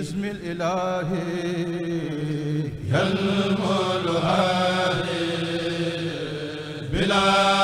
بسم الإله يلملها بلا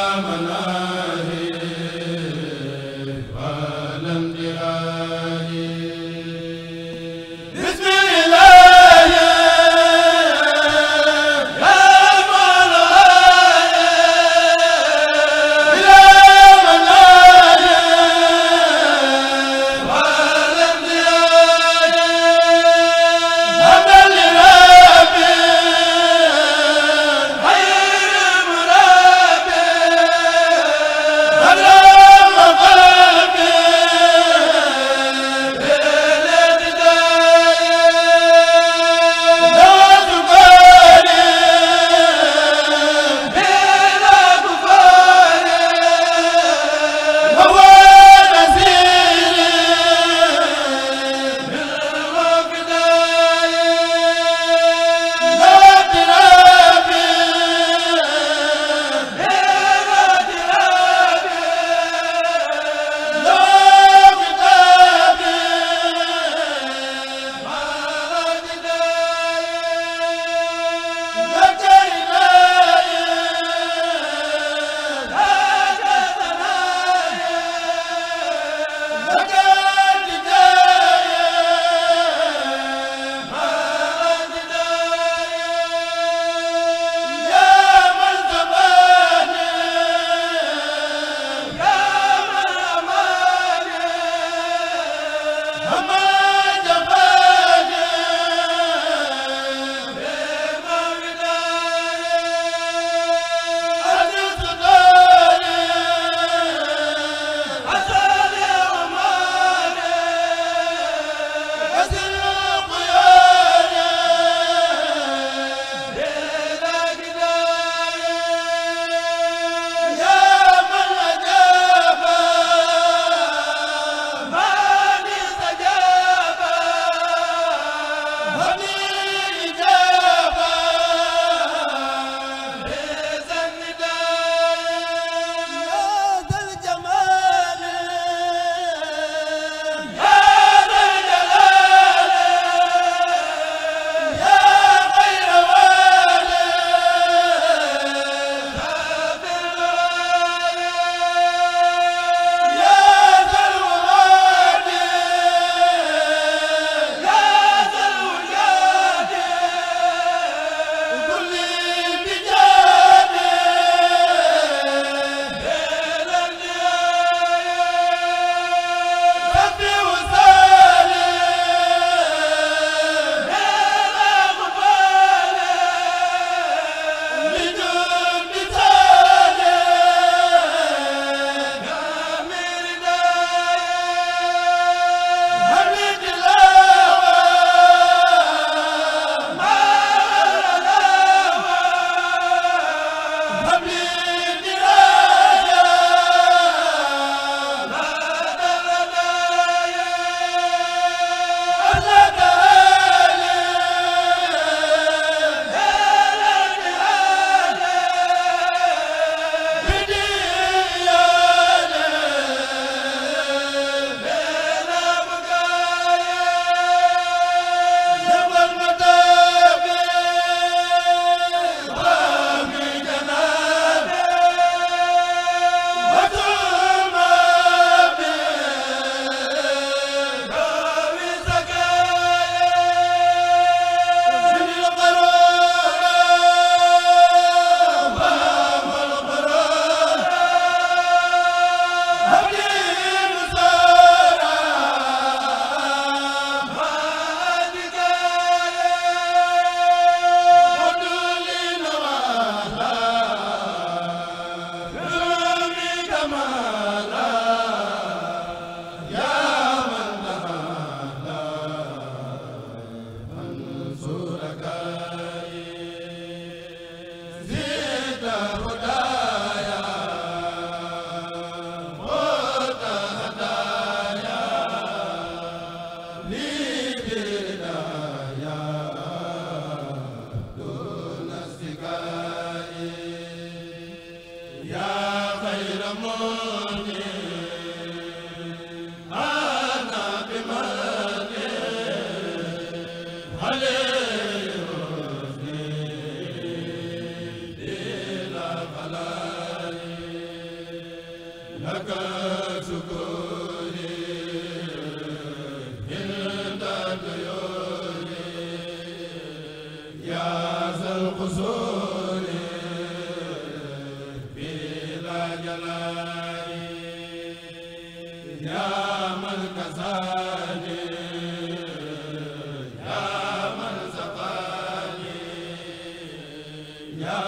yaa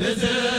les